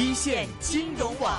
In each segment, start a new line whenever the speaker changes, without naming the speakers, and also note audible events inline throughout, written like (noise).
一線金融網。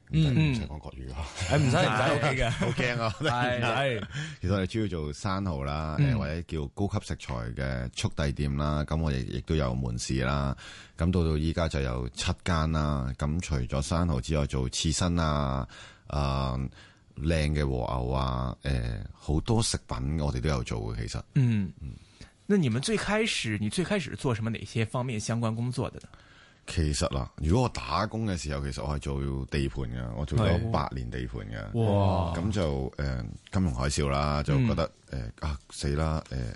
嗯，唔使講國語咯，唔使唔使 OK 嘅，好驚啊！係，係，其實我哋主要做生蠔啦，誒或者叫高級食材嘅速遞店啦，咁我哋亦都有門市啦，咁到到依家就有七間啦。咁除咗生蠔之外，做刺身啊，誒靚嘅和牛啊，誒好多食品我哋都有做嘅，其實。嗯，
那你們最開始，你最開始做什麼哪些方面相關工作的呢？
其實啦，如果我打工嘅時候，其實我係做地盤嘅，我做咗八年地盤嘅。哇！咁就誒、呃，金融海嘯啦，嗯、就覺得誒、呃、啊死啦！誒、呃、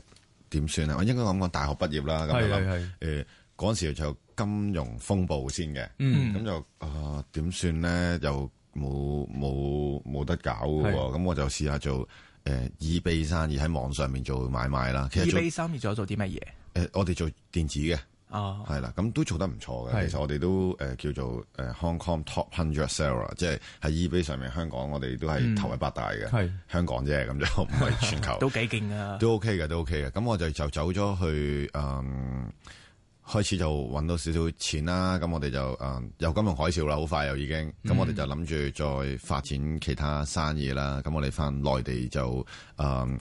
點算啊？我應該講講大學畢業啦，咁樣咯。誒嗰陣時就金融風暴先嘅，咁、嗯、就啊點、呃、算咧？又冇冇冇得搞嘅、啊。咁是我就試下做誒 eBay 生意喺網上面做買賣啦。其實 eBay 生意仲有做啲乜嘢？誒、呃，我哋做電子嘅。啊，係啦、哦，咁都做得唔錯嘅。是的 其實我哋都誒叫做誒、呃、Hong Kong Top Hundred Seller，即係喺 eBay 上面香港，我哋都係頭位八大嘅。香港啫，咁是的 就唔係全球。 (laughs) 都幾勁啊！都 OK 嘅，都 OK 嘅。咁我就就走咗去誒、嗯，開始就揾到少少錢啦。咁我哋就誒、嗯、有金融海嘯啦，好快又已經。咁我哋就諗住再發展其他生意啦。咁我哋返內地就誒。嗯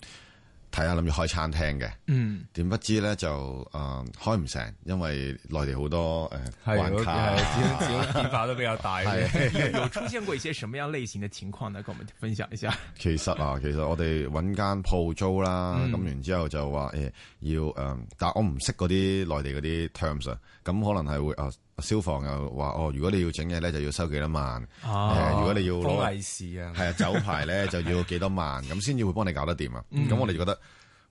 睇下諗住開餐廳嘅，點、嗯、不知咧就誒、呃、開唔成，因為內地好多誒，係好變
化，都比較大 (laughs) 是 (laughs) 有出現過一些什麼樣類型嘅情況呢？跟我們分享一下。
其實啊，其實我哋揾間鋪租啦，咁、嗯、然之後就話誒、欸、要誒、嗯，但我唔識嗰啲內地嗰啲 terms，咁可能係會啊。呃消防又話哦，如果你要整嘢咧，就要收幾多萬？哦，如果你要攞，利是
啊，係、呃、啊，是酒牌
咧就要幾多萬，咁先至會幫你搞得掂、嗯、啊！咁我哋覺得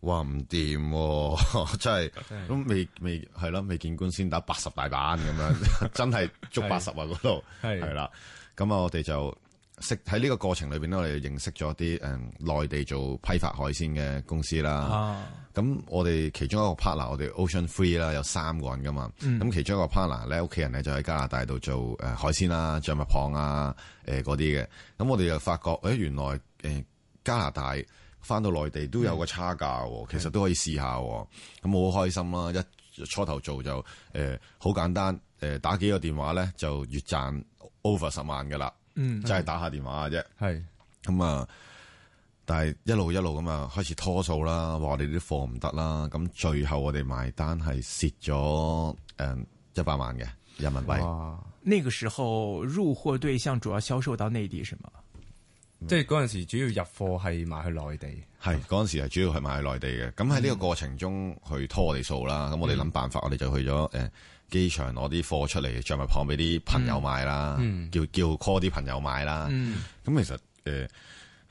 哇唔掂喎，真係都未未係咯，未 Okay. 見官先打八十大板咁樣，真係足八十啊嗰度係啦。咁啊，我哋就識喺呢個過程裏邊咧，我哋認識咗啲誒內地做批發海鮮嘅公司啦。啊啊咁我哋其中一個 partner，我哋 OceanThree 啦，有三個人噶嘛。咁、嗯、其中一個 partner 咧，屋企人咧就喺加拿大度做誒海鮮啦、啊、象拔蚌啊、誒嗰啲嘅。咁我哋就發覺誒、欸、原來誒、呃、加拿大返到內地都有個差價，嗯、其實都可以試下。咁的我好開心啦！一初頭做就誒好、呃、簡單，誒、呃、打幾個電話咧就月賺 over 十萬嘅啦，就係、嗯、打下電話啫。係咁啊！嗯嗯嗯但係一路一路咁啊，開始拖數啦，話我哋啲貨唔得啦，咁最後我哋埋單係蝕咗誒一百萬嘅人民幣。哇！呢
個時候入貨對象主
要銷售到內地係嘛？對、嗯，嗰陣時主要入貨係賣去內地，係嗰陣時係主要係賣去內地嘅。咁喺呢個過程中去拖我哋數啦，咁、嗯、我哋諗辦法，我哋就去咗誒機場攞啲貨出嚟，着埋旁俾啲朋友賣啦、嗯嗯，叫叫 call 啲朋友賣啦。咁、嗯嗯、其實誒。呃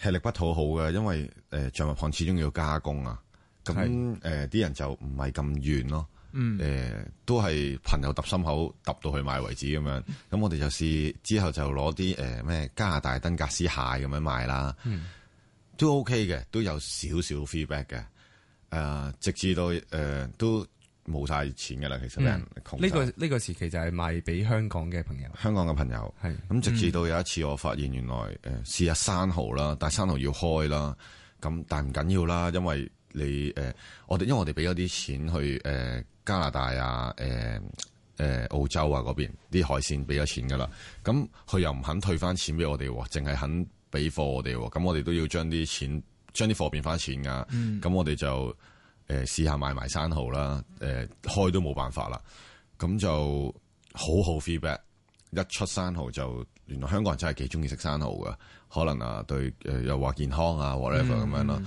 吃力不討好嘅，因為誒象拔蚌始終要加工啊，咁誒啲人就唔係咁願咯，誒、嗯呃、都係朋友揼心口揼到去賣為止咁樣，咁我哋就試之後就攞啲誒咩加拿大登格斯蟹咁樣賣啦，嗯、都 OK 嘅，都有少少 feedback 嘅，誒、呃、直至到誒都。呃都冇晒錢噶啦，其實俾人窮晒。呢、嗯，這個呢個時期就係賣俾香港嘅朋友，香港嘅朋友係。咁、嗯、直至到有一次我發現，原來誒試下生蠔啦，但係生蠔要開啦，咁但係唔緊要啦，因為你誒、呃、我哋因為我哋俾咗啲錢去誒、呃、加拿大啊，誒、呃、誒、呃、澳洲啊嗰邊啲海鮮俾咗錢噶啦，咁佢又唔肯退翻錢俾我哋，淨係肯俾貨我哋，咁我哋都要將啲錢將啲貨變翻錢噶，咁我哋就。誒，試下買埋生蠔啦！誒，開都冇辦法啦，咁就好好 feedback。一出生蠔就，原來香港人真係幾中意食生蠔噶，可能啊對誒又話健康啊 whatever 咁樣咯。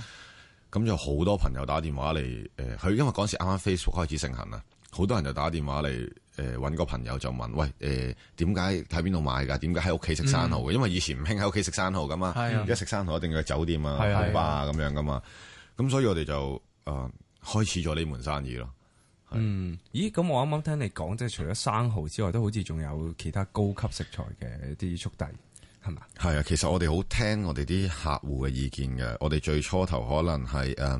咁就好多朋友打電話嚟，誒，佢因為嗰時啱啱 Facebook 開始盛行啊，好多人就打電話嚟，誒，搵個朋友就問，喂，誒，點解喺邊度買噶？點解喺屋企食生蠔嘅？因為以前唔興喺屋企食生蠔噶嘛，而家食生蠔一定要去酒店啊、酒吧啊咁樣噶嘛。咁所以我哋就誒。開始咗呢門生意咯。嗯，
咦？咁我啱啱聽你講，即係除咗生蚝之外，都好似仲有其他高級食材嘅啲速遞，
係嘛？係啊，其實我哋好聽我哋啲客戶嘅意見嘅。我哋最初頭可能係誒，淨、呃、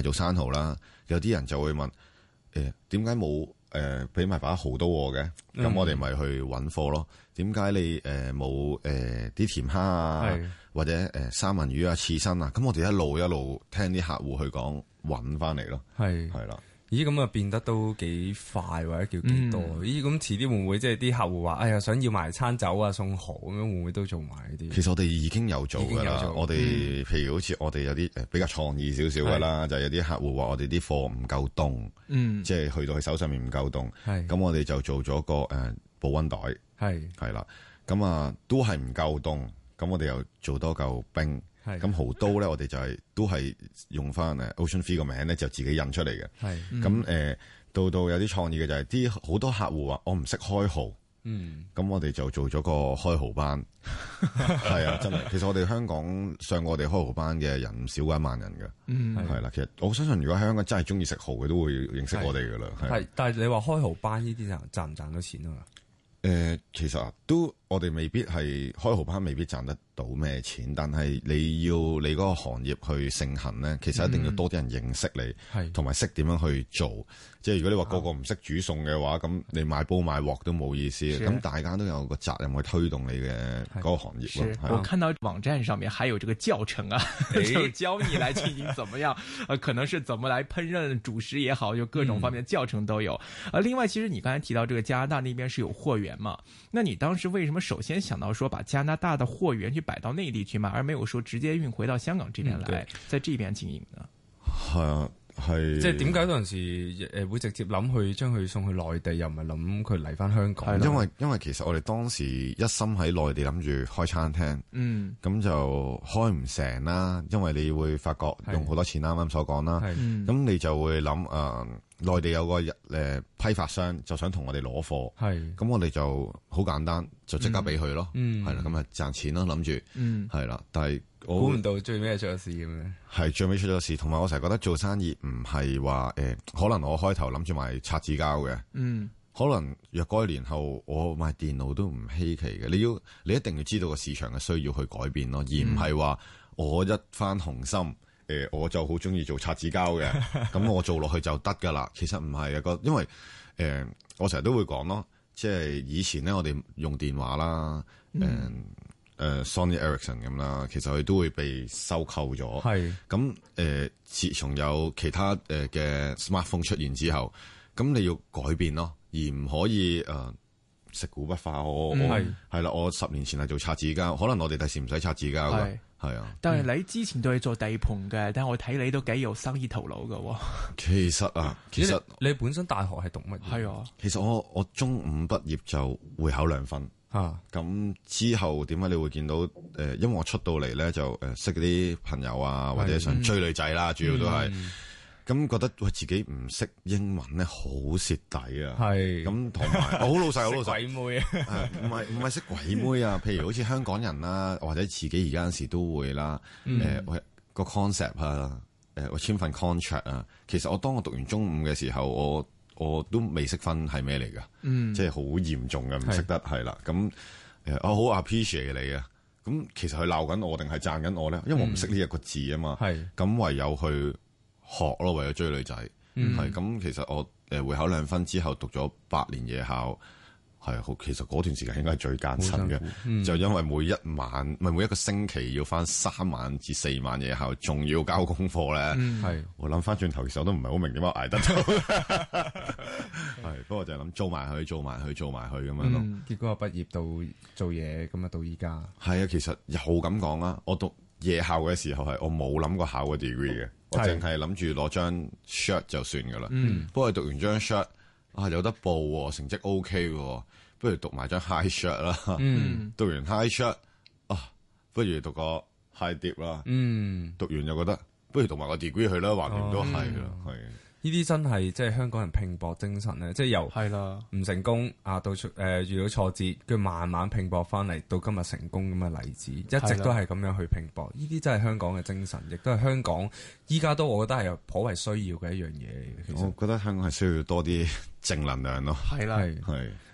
係做生蚝啦。有啲人就會問：誒、呃，點解冇誒，俾埋把蚝刀嘅？咁、嗯、我哋咪去揾貨咯。點解你誒冇誒啲甜蝦啊，是的 或者誒、呃、三文魚啊、刺身啊？咁、嗯、我哋一路一路聽啲客戶去講。搵翻
嚟咯，係係啦，是的咦咁啊變得都幾快，或者叫幾多？嗯、咦咁遲啲會唔會即係啲客戶話，哎呀想要埋餐酒啊送好咁樣會唔會都做埋呢啲？其實我哋已經
有做噶啦，我哋們、嗯、譬如好似我哋有啲誒比較創意少少噶啦，的就有啲客戶話我哋啲貨唔夠凍，嗯，即係去到佢手上面唔夠凍，係咁的我哋就做咗個誒、呃、保溫袋，係係啦，咁啊都係唔夠凍，咁我哋又做多嚿冰，冰。咁豪刀咧，我哋就係、是、都係用翻誒 Ocean Three 個名咧，就自己印出嚟嘅。咁誒、嗯呃，到到有啲創意嘅就係啲好多客戶話：嗯、我唔識開豪。咁我哋就做咗個開豪班，係 (laughs) (laughs) 啊，真係。其實我哋香港上我哋開豪班嘅人唔少過一萬人嘅。係啦是、啊，其實我相信，如果喺香港真係中意食豪佢都會認識我哋噶啦。係，
但係你話開豪班呢啲人賺唔賺到錢啊？誒、
呃，其實、啊、都。我哋未必係開豪班，未必賺得到咩錢，但係你要你嗰個行業去盛行咧，其實一定要多啲人認識你，同埋識點樣去做。是即係如果你話個個唔識煮餸嘅話，咁、啊、你賣煲賣鑊都冇意思。咁是大家都有個責任去推動你嘅嗰個行業是，是啊、我看
到網站上面還有這個教程啊，哎、 (laughs) 就教你來進行怎麼樣，可能是怎麼來烹飪主食也好，就各種方面教程都有。啊、嗯，另外其實你剛才提到這個加拿大那邊是有貨源嘛？那你當時為什麼。我們首先想到說，把加拿大的貨源去擺到內地去賣，而沒有說直接運回到香港這邊來，嗯，在這邊經營呢？好。
係，是即係點解
嗰陣時誒會直接諗去將佢送去內地，又唔係諗佢嚟翻香港？因為
的吧因為其實我哋當時一心喺內地諗住開餐廳，嗯，咁就開唔成啦。因為你會發覺用好多錢，啱啱的所講啦，咁的你就會諗誒，呃、內地有個誒批發商就想同我哋攞貨，係的，咁我哋就好簡單就即刻俾佢咯，係啦、嗯，咁啊賺錢啦諗住，係啦、嗯，但係。估唔我
到最尾出咗事嘅，
係最尾出咗事。同埋我成日覺得做生意唔係話誒，可能我開頭諗住賣擦紙膠嘅，嗯，可能若干年後我賣電腦都唔稀奇嘅。你要你一定要知道個市場嘅需要去改變咯，而唔係話我一番紅心誒、呃，我就好中意做擦紙膠嘅，咁 (laughs) 我做落去就得㗎啦。其實唔係啊個，因為誒、呃，我成日都會講咯，即係以前咧，我哋用電話啦，誒、呃。嗯誒、呃、，Sony Ericsson 咁啦，其實佢都會被收購咗。係咁是，誒、嗯，自從有其他誒嘅 smartphone 出現之後，咁你要改變咯，而唔可以誒、呃、食古不化。我我係、嗯、啦，我十年前係做擦紙膠，可能我哋第時唔使擦紙膠噶。係是啊，但係
你之前都係做地盤嘅，但係我睇你都幾有生意頭腦噶。
其實啊，其實
你本身大學係讀乜嘢？係啊，
其實我我中五畢業就會考兩分。啊！咁之後點解你會見到誒？因為我出到嚟咧就誒識啲朋友啊，或者想追女仔啦，主要都係咁、嗯、覺得喂自己唔識英文咧，好蝕底啊！係咁同埋好老實，好老實。鬼
妹，哎、鬼妹啊？唔係唔係識鬼妹啊？
譬如好似香港人啦、啊，或者自己而家陣時都會啦、啊。誒、嗯呃，個 concept 啊，我簽份 contract 啊。其實我當我讀完中五嘅時候，我我都未識分係咩嚟噶，嗯、即係好嚴重嘅，唔識得係啦。咁是，我好、嗯哦、appreciate 你啊，咁其實佢鬧緊我定係贊緊我咧？因為我唔識呢一個字啊嘛。係咁、嗯、唯有去學咯，為咗追女仔。係咁、嗯，其實我誒、呃、會考兩分之後讀咗八年夜校。係好，其實嗰段時間應該係最艱辛嘅，嗯、就因為每一晚唔係每一個星期要翻三晚至四晚夜校，仲要交功課咧。係、嗯、我諗翻轉頭，其實我都唔係好明點解我捱得到、嗯。係， (laughs) 不過就係諗做埋佢，做埋佢，做埋佢咁樣咯、嗯。
結果我畢業到做嘢咁啊，到依家。
係啊，其實好咁講啦，我讀夜校嘅時候係我冇諗過考個 degree 嘅、嗯，我淨係諗住攞張 s h i r t 就算噶啦。不過、嗯、讀完張 s h i r t 啊有得報喎、啊，成績 O K 喎，不如讀埋張 high s h o t 啦，讀完 high s h o t 啊，不如讀個 high 跌啦、嗯哦，嗯，讀完又覺得不如讀埋個 degree 去啦，橫掂都係啊，
係。呢啲真係即係香港人拼搏精神咧，即係由唔成功啊到錯誒遇到挫折，佢慢慢拼搏翻嚟到今日成功咁嘅例子，一直都係咁樣去拼搏。呢啲真係香港嘅精神，亦都係香港依家都我覺得係有頗為需要嘅一樣嘢。其實我
覺得香港係需要多啲正能量咯。係啦，係。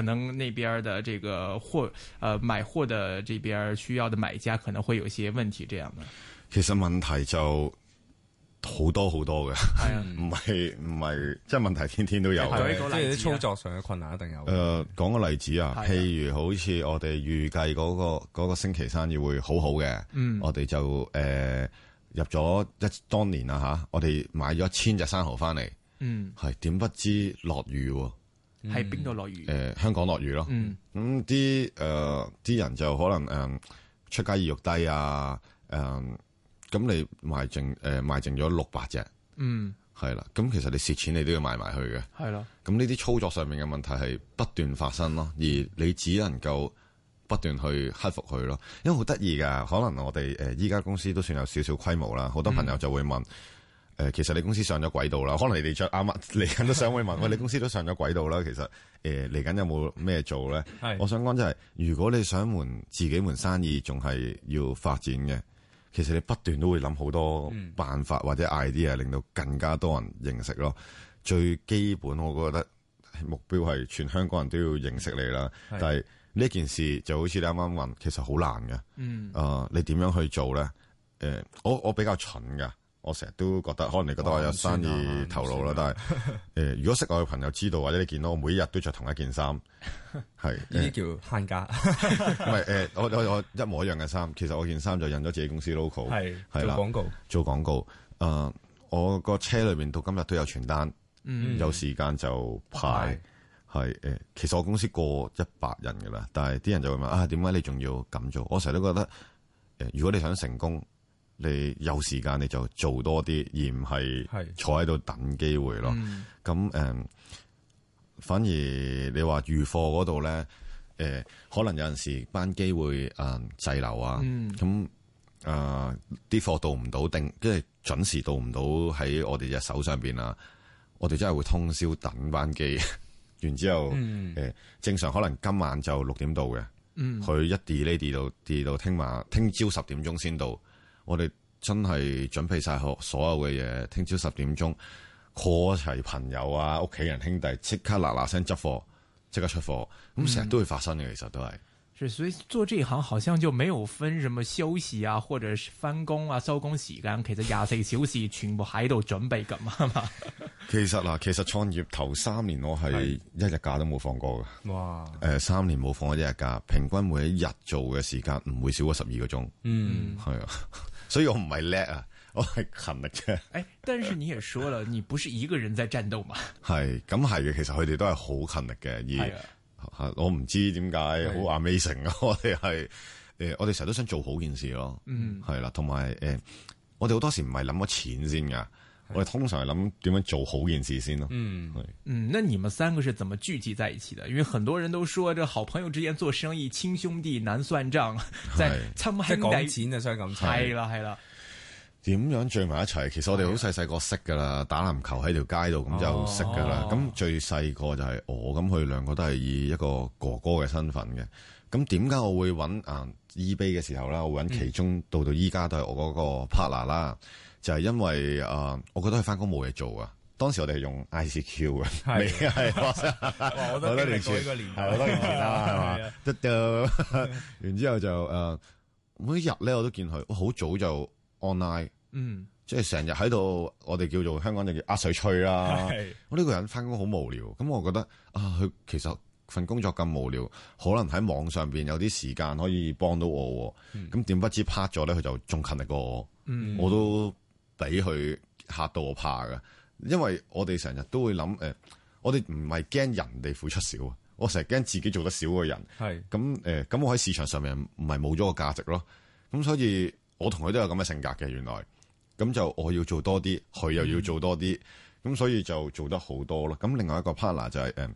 可能那邊嘅，這個貨，呃，買貨的這邊需要的買家可能會有些問
題，這樣嘅。其實問題就好多好多嘅，唔係唔係，即係問題天天都有。即係、啊、操
作上嘅困難一定有。
誒、呃，講個例子啊，譬如好似我哋預計嗰個嗰、嗰個星期生意會好好嘅 Yeah.、呃，我哋就誒入咗一當年啊吓，我哋買咗一千隻生蠔翻嚟，嗯，係點不知落雨、啊。
係邊度落雨？誒、嗯
呃，香港落雨咯。咁啲誒啲人就可能誒、呃、出街意欲低啊。誒、呃，咁你賣剩誒、呃、賣剩咗六百隻。嗯，係啦。咁其實你蝕錢你都要賣埋去嘅。係咯是啦、嗯。咁呢啲操作上面嘅問題係不斷發生咯，而你只能夠不斷去克服佢咯。因為好得意噶，可能我哋誒依家公司都算有少少規模啦。好多朋友就會問、嗯。誒、呃，其實你公司上咗軌道啦，可能你哋着啱啱嚟緊都想問問，我哋是公司都上咗軌道啦。其實誒嚟緊有冇咩做咧？係是我想講就係、是，如果你想門自己門生意，仲係要發展嘅。其實你不斷都會諗好多辦法或者 idea，令到更加多人認識咯。最基本，我覺得目標係全香港人都要認識你啦。是但係呢件事就好似你啱啱問，其實好難嘅。誒、嗯呃，你點樣去做咧？誒、呃，我我比較蠢噶。我成日都覺得，可能你覺得我有生意頭腦啦，但係誒，如果識我嘅朋友知道或者你見到我每一日都着同一件衫，係呢啲
叫慳家，
唔係誒，我我我一模一樣嘅衫，其實我件衫就印咗自己公司 logo，係係啦，做廣告做廣告，誒，我個車裏邊到今日都有傳單，有時間就派，係誒，其實我公司過一百人噶啦，但係啲人就會問啊，點解你仲要咁做？我成日都覺得，誒，如果你想成功。你有時間你就做多啲，而唔係坐喺度等機會咯。咁誒的、嗯，反而你話預貨嗰度咧，誒可能有陣時班機會誒、呃、滯留啊。咁誒啲貨到唔到定，定即係準時到唔到喺我哋隻手上邊啊？我哋真係會通宵等班機，完 (laughs) 之後誒、嗯、正常可能今晚就六點到嘅，佢、嗯、一 delay 呢 delay 到，delay 到聽晚聽朝十點鐘先到。我哋真係準備晒好所有嘅嘢，聽朝十點鐘，call 齊朋友啊，屋企人兄弟，即刻嗱嗱聲執貨，即刻出貨，咁成日都會發生嘅，其實都
係、嗯。所以做這一行，好像就沒有分什麼休息啊，或者翻工啊、收工時間，其實廿四小時全部喺度準備咁啊嘛。
其實嗱，其實創業頭三年，我係一日假都冇放過
嘅。
是哇！誒、呃，三年冇放過一日假，平均每一日做嘅時間唔會少過十二個鐘。嗯，係啊。所以我唔係叻啊，我係勤力啫。誒，
但是你也説了， (laughs) 你不是一個人在戰鬥嘛？
係，咁係嘅。其實佢哋都係好勤力嘅，而我唔知點解好 amazing 啊。我哋係誒，我哋成日都想做好件事咯。嗯，係啦，同埋誒，我哋好多時唔係諗咗錢先㗎。我哋通常係諗點樣做好件事先咯、啊。嗯，
是嗯，那你們三個是怎麼聚集在一起的？因為很多人都說，這好朋友之間做生意，親兄弟難算賬，即係親兄弟講錢就傷咁差啦，係啦，係啦。
點樣聚埋一齊？其實我哋好細細個識噶啦，啊、打籃球喺條街度咁就識噶啦。咁、啊、最細個就係我，咁佢兩個都係以一個哥哥嘅身份嘅。咁點解我會揾啊 eBay 嘅時候呢？我會揾其中、嗯、到到依家都係我嗰個 partner 啦。就係因為啊、呃，我覺得佢翻工冇嘢做啊。當時我哋係用 I C Q 嘅，係係，我都未過呢個年代，我都未過啦，係嘛？一就完之後就誒，每一日咧我都見佢，好早就 online，嗯，即係成日喺度，我哋叫做香港就叫壓、啊、水吹啦、啊。的我呢個人翻工好無聊，咁我覺得啊，佢、呃、其實份工作咁無聊，可能喺網上邊有啲時間可以幫到我。咁點、嗯、不知拍咗咧，佢就仲勤力過我、嗯，我都。俾佢嚇到我怕㗎，因為我哋成日都會諗誒，我哋唔係驚人哋付出少，我成日驚自己做得少嘅人。係咁誒，咁我喺市場上面唔係冇咗個價值咯。咁所以我同佢都有咁嘅性格嘅，原來。咁就我要做多啲，佢又要做多啲，咁所以就做得好多咯。咁另外一個 partner 就係誒，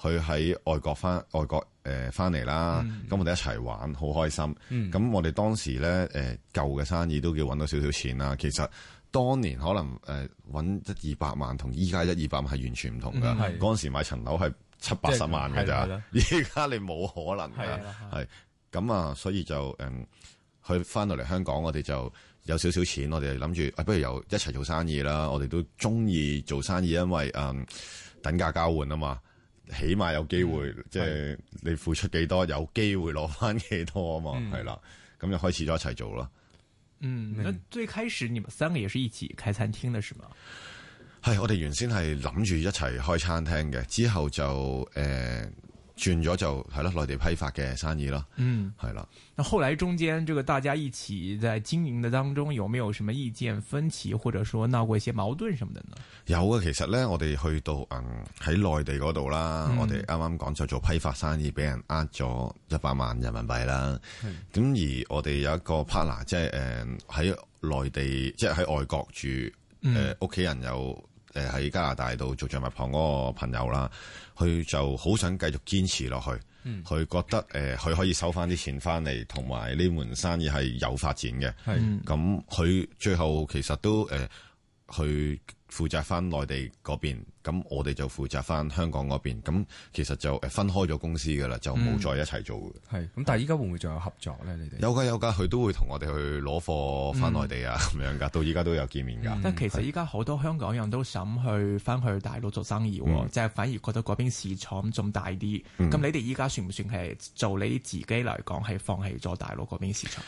佢喺外國返外國誒返嚟啦，咁我哋一齊玩好開心。咁我哋當時咧誒舊嘅生意都叫搵到少少錢啦，其實。嗯當年可能誒揾一二百萬，同依家一二百萬係完全唔同噶。嗰陣時買層樓係七八十萬㗎咋，依家你冇可能㗎。咁啊，所以就誒，去翻到嚟香港，我哋就有少少錢，我哋諗住誒，不如由一齊做生意啦。我哋都中意做生意，因為誒等價交換啊嘛，起碼有機會，即係你付出幾多，有機會攞翻幾多啊嘛。係啦，咁就開始咗一齊做啦。
嗯，mm. 那最開始你們三個也是一起開餐廳的，是嗎？
係， (noise) (noise) 我哋原先係諗住一齊開餐廳嘅，之後就誒。呃轉咗就係咯，內地批發嘅生意咯，嗯，係啦了。
那後來中間，這個大家一起在經營的當中，有沒有什麼意見分歧，或者說鬧過一些矛盾什麼的呢？
有啊，其實咧，我哋去到嗯，喺內地嗰度啦，嗯、我哋啱啱講就做批發生意，俾人呃咗一百萬人民幣啦。咁、嗯、而我哋有一個 partner，即係、誒喺、嗯、內地，即係喺外國住，誒屋企人有。誒喺加拿大度做藏物行嗰個朋友啦，佢就好想繼續堅持落去，佢、嗯、覺得誒，佢可以收翻啲錢翻嚟，同埋呢門生意係有發展嘅。係咁佢最後其實都誒去。負責翻內地嗰邊，咁我哋就負責翻香港嗰邊，咁其實就誒分開咗公司噶啦，就冇再一齊做嘅。
係、嗯，咁但係依家會唔會仲有合作咧？你哋
有噶有噶，佢都會同我哋去攞貨翻內地啊，咁、嗯、樣噶，到依家都有見面噶。嗯、但其實依
家好多香港人都想去翻去大陸做生意，即係、嗯、反而覺得嗰邊市場仲大啲。咁、嗯、你哋依家算唔算
係做你自己嚟講係放棄咗大陸嗰邊市場？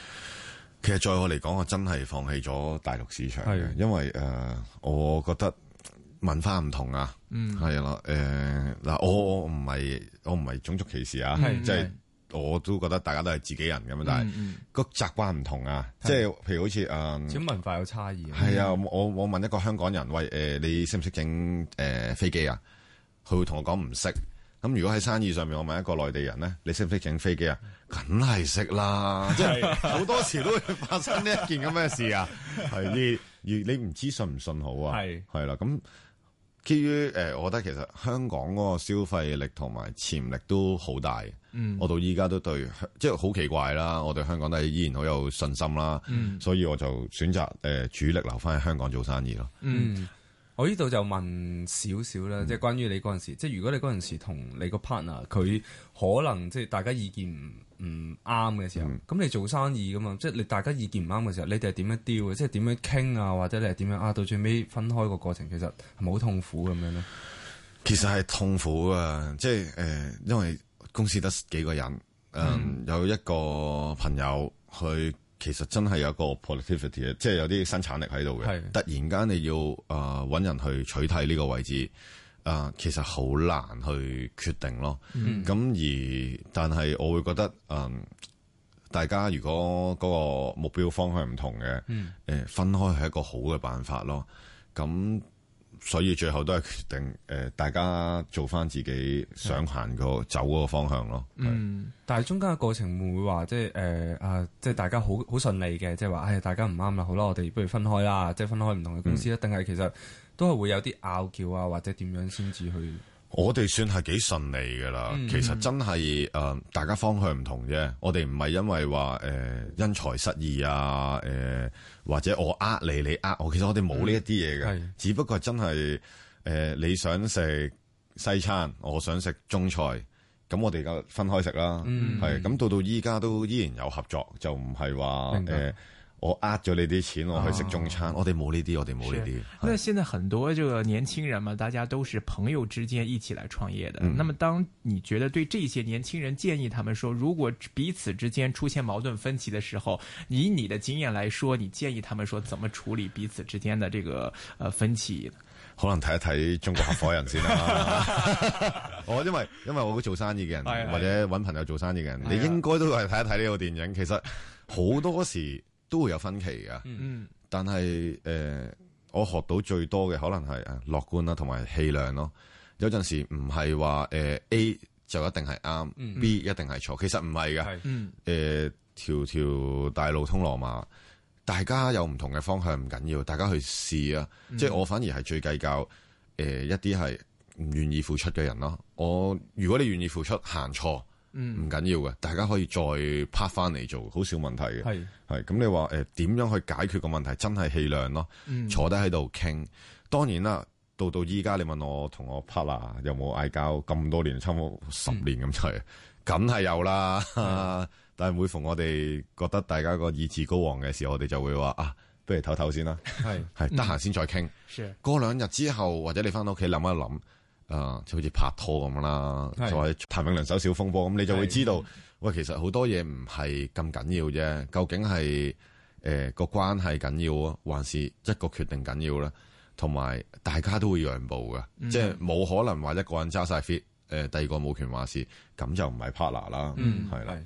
其實在我嚟講，我真係放棄咗大陸市場嘅，的因為誒、呃，我覺得文化唔同啊，係啦、嗯，誒，嗱、呃，我我唔係我唔係種族歧視啊，即係我都覺得大家都係自己人咁，但係個習慣唔同啊，即係譬如好似誒，
呃、文化有差異。
係啊，我我問一個香港人，喂，誒、呃，你識唔識整誒飛機啊？佢會同我講唔識。咁如果喺生意上面，我問一個內地人咧，你識唔識整飛機啊？梗係識啦，即係好多時都會發生呢一件咁嘅事啊！係啲， (laughs) 而你唔知信唔信好啊？係是，係啦。咁基於誒、呃，我覺得其實香港嗰個消費力同埋潛力都好大。嗯，我到依家都對，即係好奇怪啦！我對香港都係依然好有信心啦。嗯、所以我就選擇誒、呃、主力留翻喺香港做生意咯。嗯。
我呢度就問少少啦，即係、嗯、關於你嗰陣時，即係如果你嗰陣時同你個 partner 佢可能即係大家意見唔唔啱嘅時候，咁、嗯、你做生意噶嘛，即係你大家意見唔啱嘅時候，你哋係點樣 deal 嘅？即係點樣傾啊？或者你係點樣啊？到最尾分開個過程，其實係咪好痛苦咁樣咧？其
實係痛苦啊！即係誒，
因為公司得
幾個人，誒、呃嗯、有一個朋友去。其實真係有一個 positivity 嘅，即係有啲生產力喺度嘅。的突然間你要啊揾、呃、人去取替呢個位置，啊、呃、其實好難去決定咯。咁、嗯、而但係我會覺得，嗯、呃，大家如果嗰個目標方向唔同嘅，誒、呃、分開係一個好嘅辦法咯。咁、嗯嗯所以最後都
係決定誒、呃，大家做返自己想
行個走嗰個的方向咯。嗯，
是但係中間嘅過程會唔會話即係誒啊？即係、呃、大家好好順利嘅，即係話唉，大家唔啱啦，好啦，我哋不如分開啦，即係分開唔同嘅公司啊？定係、嗯、其實都係會有啲拗撬啊，或者點樣先至去？我哋算係幾順利嘅啦，嗯、其實真係誒、呃，
大家方向唔同啫。我哋唔係因為話誒、呃、因材失異啊，誒、呃、或者我呃你，你呃我。其實我哋冇呢一啲嘢嘅，是只不過真係誒、呃、你想食西餐，我想食中菜，咁我哋就分開食啦。係咁、嗯、到到依家都依然有合作，就唔係話誒。該我呃咗你啲錢，我去食中餐。哦、我哋冇呢啲，我哋冇呢啲。
那是是現在很多這個年輕人嘛，大家都是朋友之間一起來創業的。嗯、那麼當你覺得對這些年輕人建議他們說，如果彼此之間出現矛盾分歧的時候，以你的經驗來說，你建議他們說，怎麼處理彼此之間的這個分歧？
可能睇一睇中國合夥人先啦。我因為因為我會做生意嘅人，或者搵朋友做生意嘅人，哎、呀你應該都係睇一睇呢個電影。其實好多時。都會有分歧嘅，嗯，但係誒、呃，我學到最多嘅可能係誒樂觀啦，同埋氣量咯。有陣時唔係話誒 A 就一定係啱，B 一定係錯。其實唔係嘅，誒條條大路通羅馬，大家有唔同嘅方向唔緊要，大家去試啊。即係我反而係最計較誒、呃、一啲係唔願意付出嘅人咯。我如果你願意付出，行錯。唔緊要嘅，大家可以再拍翻嚟做，好少問題嘅。係係咁，你話誒點樣去解決個問題？真係氣量咯，嗯、坐低喺度傾。當然啦，到到依家你問我同我 partner，有冇嗌交咁多年，差唔多十年咁就係，梗係、嗯、有啦。嗯、但係每逢我哋覺得大家個意志高昂嘅時候，我哋就會話啊，不如唞唞先啦。係係、嗯，得閒先再傾。嗯、過兩日之後，或者你翻到屋企諗一諗。啊，就好似拍拖咁啦，就係譚詠麟有小風波，咁的你就會知道，喂，其實好多嘢唔係咁緊要啫，究竟係誒、呃、個關係緊要啊，還是一個決定緊要咧、啊？同埋大家都會讓步噶，嗯、即係冇可能話一個人揸晒 fit，誒第二個冇權話事，咁就唔係 partner 啦，係啦、嗯。的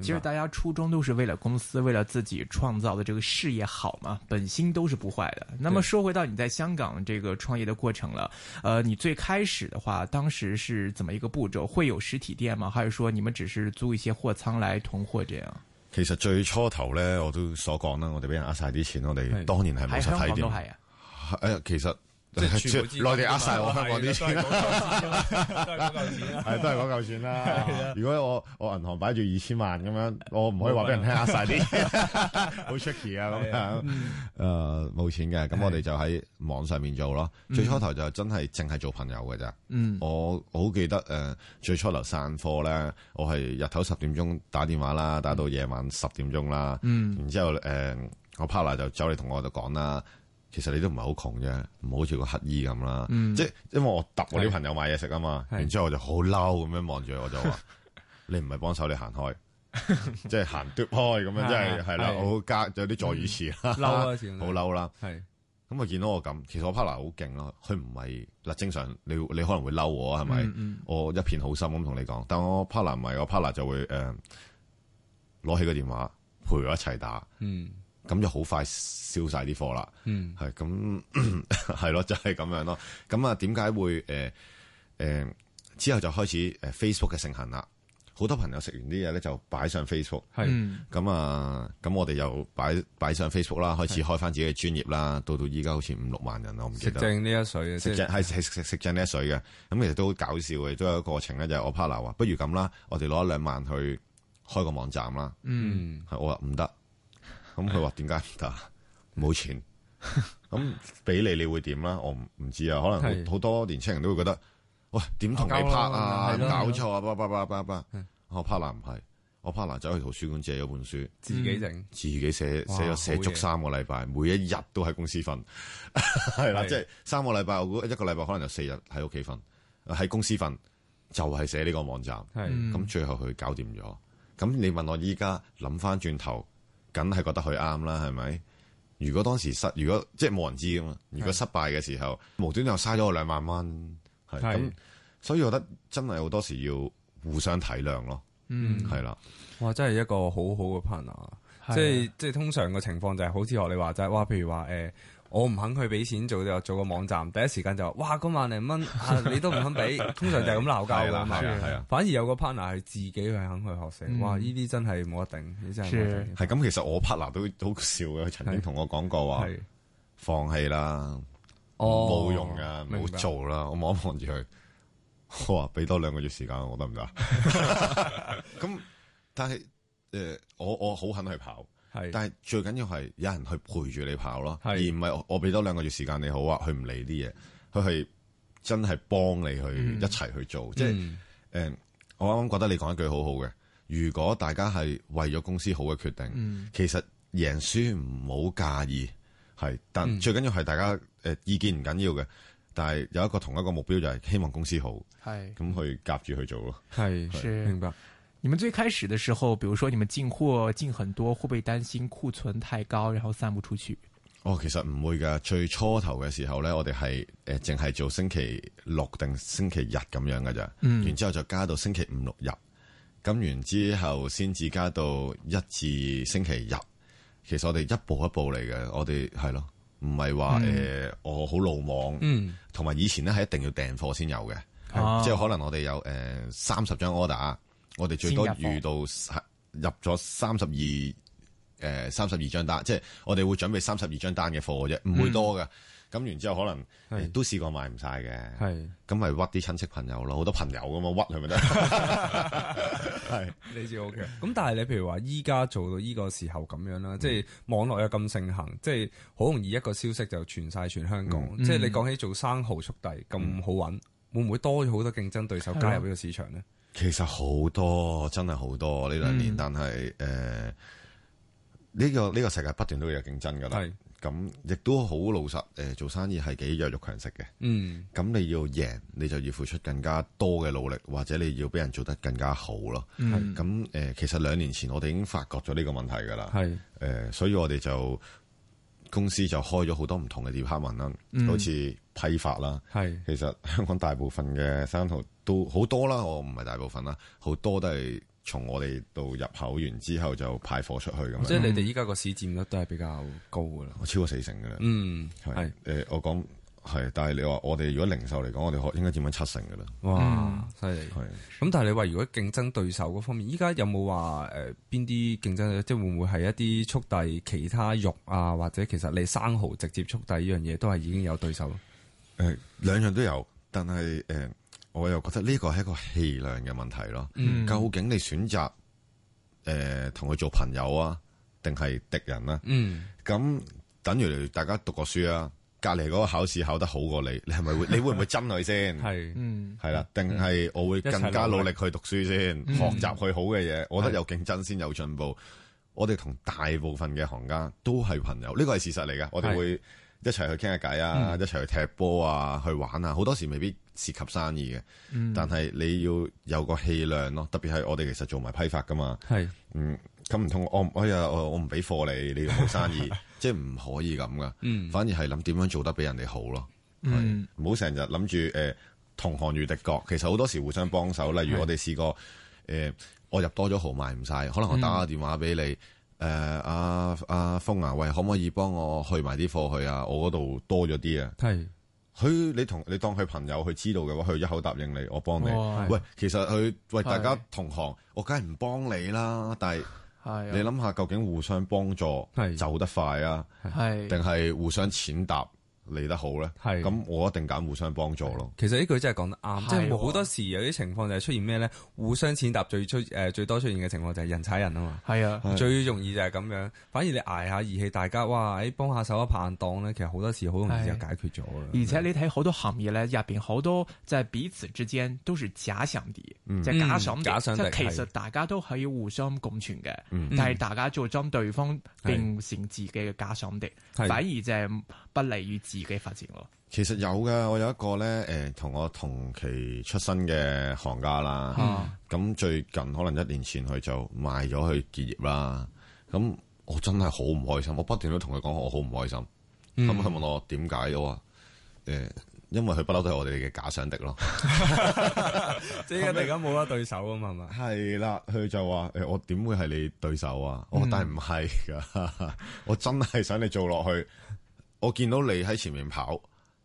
其實大家初衷都是為了公司，為了自己創造的這個事
業好嘛，本心都是不壞的。那麼說回到你在香港這個創業的過程了，呃，你最開始的話，當時是怎麼一個步驟？會有實體店嗎？還是說你們只是租一些貨倉來囤貨這樣？
其實最初頭呢，我都所講啦，我哋俾人呃晒啲錢，我哋當年係冇實體店。係啊、哎，其實。即內地呃晒我香港啲錢啦，係都係嗰嚿錢啦。如果我我銀行擺住二千萬咁樣，我唔可以話俾人聽呃晒啲嘢。好出奇啊咁樣。誒冇錢嘅，咁我哋就喺網上面做咯。最初頭就真係淨係做朋友嘅咋。我好記得誒最初頭散貨咧，我係日頭十點鐘打電話啦，打到夜晚十點鐘啦。嗯，然之後誒我 partner 就走嚟同我就講啦。其實你都唔係好窮啫，唔好似個乞衣咁啦。即係因為我揼我啲朋友買嘢食啊嘛，然之後我就好嬲咁樣望住佢，我就話：你唔係幫手，你行開，即係行脫開咁樣，即係係啦。我加有啲助語詞，嬲好嬲啦。係咁啊！見到我咁，其實我 partner 好勁咯。佢唔係嗱，正常你你可能會嬲我係咪？我一片好心咁同你講，但我 partner 唔係，我 partner 就會誒攞起個電話陪我一齊打。咁就好快燒晒啲貨啦，係咁、嗯，係咯， (coughs) 就係、是、咁樣咯。咁啊，點解會誒誒、呃呃、之後就開始誒 Facebook 嘅盛行啦？好多朋友食完啲嘢咧，就擺上 Facebook，係咁啊，咁我哋又擺擺上 Facebook 啦，開始開翻自己嘅專業啦。是到到依家好似五六萬人啦，我唔記得。正呢一水，嘅，正食正呢一水嘅。咁正其實都好搞笑嘅，都有一個過程咧。就是、我 partner 話：不如咁啦，我哋攞一兩萬去開個網站啦。嗯，係我話唔得。咁佢話，點解唔得？冇錢咁俾你，你會點啦？我唔唔知啊，可能好多年青人都會覺得，喂，點同你拍啊？搞錯啊！叭叭叭叭叭！我 partner 唔係，我 partner 走去圖書館借咗本書，自己整，自己寫寫咗寫足三個禮拜，每一日都喺公司瞓，係啦，即係三個禮拜，我估一個禮拜可能有四日喺屋企瞓，喺公司瞓就係寫呢個網站，係咁，最後佢搞掂咗。咁你問我依家諗翻轉頭？梗係覺得佢啱啦，係咪？如果當時失，如果即係冇人知㗎嘛。如果失敗嘅時候，無端又嘥咗我兩萬蚊，
係咁係。所以我覺得真係好多時要互相體諒咯。嗯，係啦。哇，真係一個好好嘅 partner，啊。即係即係通常嘅情況就係，好似學你話齋，哇，譬如話誒。欸我唔肯去俾錢做就做個網站，第一時間就話：哇，嗰萬零蚊，你都唔肯俾。通常就係咁鬧交，係啦，係啊。反而有個 partner 係自己去肯去學成，哇！呢啲真係冇得頂，你真係冇得頂。
係咁，其實我 partner 都好笑嘅，佢曾經同我講過話：放棄啦，冇用噶，冇做啦。我望一望住佢，我話俾多兩個月時間我得唔得？咁，但係誒，我我好肯去跑。係，是但係最緊要係有人去陪住你跑咯，是而唔係我俾多兩個月時間你好啊，佢唔理啲嘢，佢係真係幫你去一齊去做，即係誒，我啱啱覺得你講一句好好嘅，如果大家係為咗公司好嘅決定，嗯、其實贏輸唔好介意，係，但最緊要係大家誒、嗯呃、意見唔緊要嘅，但係有一個同一個目標就係希望公司好，係是，咁去夾住去做咯，係，明白。你們
最開始的時候，比如說你們進貨進很多，會不會擔心庫存太高，然後散不
出去？哦，其實唔會噶，最初頭嘅時候呢，我哋係誒淨係做星期六定星期日咁樣㗎咋，嗯、然之後就加到星期五六日，咁完之後先至加到一至星期日。其實我哋一步一步嚟嘅，我哋係咯，唔係話誒我好魯莽。同埋，嗯、以前呢，係一定要訂貨先有嘅，哦，即係可能我哋有誒三十張 order。我哋最多遇到入咗三十二，誒三十二張單，即係我哋會準備三十二張單嘅貨嘅啫，唔會多㗎。咁、嗯、然之後可能係、哎、都試過賣唔晒嘅，係咁咪屈啲親戚朋友咯，好多朋友咁啊屈係咪咧？
係你知 OK。咁但係你譬如話依家做到呢個時候咁樣啦，嗯、即係網絡有咁盛行，即係好容易一個消息就傳晒全香港。嗯嗯、即係你講起做生蠔速遞咁好揾，會唔會多咗好多競爭對手加入呢個市場咧？嗯嗯
其實好多，真係好多呢兩年，嗯、但係誒呢個呢、這個世界不斷都會有競爭噶啦。係咁是，亦都好老實誒、呃，做生意係幾弱肉強食嘅。嗯，咁你要贏，你就要付出更加多嘅努力，或者你要俾人做得更加好咯。咁誒是、嗯呃，其實兩年前我哋已經發覺咗呢個問題噶啦。係誒是、呃，所以我哋就公司就開咗好多唔同嘅 departments，好似批發啦。係的的其實香港大部分嘅生蚝。都好多啦，我唔係大部分啦，好多都係從我哋到入口完之後就派貨出去咁。即係你哋
依家個市佔率都係比較
高噶啦，嗯、超過四成噶啦。嗯，係誒是是、呃，我講係，但係你話我哋如果零售嚟講，我哋可應該佔緊七成噶啦。哇，
犀利、嗯！係咁，是但係你話如果競爭對手嗰方面，依家有冇話誒邊啲競爭對，即係會唔會係一啲速遞其他肉啊，或者其實你生蠔直接速遞依樣嘢都係已經有對手？誒、嗯，兩樣都有，
但係誒。嗯我又覺得呢個係一個氣量嘅問題咯，嗯、究竟你選擇誒同佢做朋友啊，定係敵人咧、啊？咁、嗯、等於大家讀個書啊，隔籬嗰個考試考得好過你，你係咪會？你會唔會針佢先？
係 (laughs) 是，
係啦，定係我會更加努力去讀書先，學習佢好嘅嘢。嗯、我覺得有競爭先有進步。嗯、我哋同大部分嘅行家都係朋友，呢個係事實嚟嘅。我哋會一齊去傾下偈啊，嗯、一齊去踢波啊，去玩啊，好多時未必。涉及生意嘅，life, 但係你要有個氣量咯，特別係我哋其實做埋批發噶嘛，係，嗯，咁唔通我哎呀，我我唔俾貨你，你冇生意， (laughs) 即係唔可以咁噶，反而係諗點樣做得比人哋好咯，唔好成日諗住誒，同行如敵國，其實好多時互相幫手，例如我哋試過，誒ノ Dion.、呃，我入多咗蠔賣唔晒，可能我打個電話俾你，誒、呃，阿阿風啊，喂，可唔可以幫我去埋啲貨去啊？我嗰度多咗啲啊。佢你同你當佢朋友，佢知道嘅話，佢一口答應你，我幫你。哦，喂，其實佢喂大家同行，的我梗係唔幫你啦。但
係的你諗
下，究竟互相幫助的走得快啊，定係的互相踐踏。嚟得好咧，咁我一定揀互相幫助咯。
其實呢句真係講得啱，即係好多時有啲情況就係出現咩咧？互相踐踏最出誒最多出現嘅情況就係人踩人啊嘛。係啊，最容易就係咁樣。反而你捱下義氣，大家哇，誒幫下手一棒擋咧，其實好多時好容易就解決咗啦。而且你睇好多行業咧，入邊
好多就係彼此之間都是假想敵，
即係假想敵，即係其實
大家都可以互相共存嘅，但係大家做將對方變成自己嘅假想敵，反而就係不利於自。自己發展喎，
其實有嘅，我有一個咧，誒、欸，同我同期出身嘅行家啦。咁、啊、最近可能一年前佢就賣咗去結業啦。咁我真係好唔開心，我不斷都同佢講我好唔開心。咁佢、嗯、問我點解？我話誒、欸，因為佢不嬲都係我哋嘅假想敵咯，
(laughs) 即係突然間冇咗對手啊嘛，係咪 (laughs) 嗎？係啦，佢
就話誒、欸，我點會係你對手啊？我但係唔係㗎， (laughs) 我真係想你做落去。我見到你喺前面跑，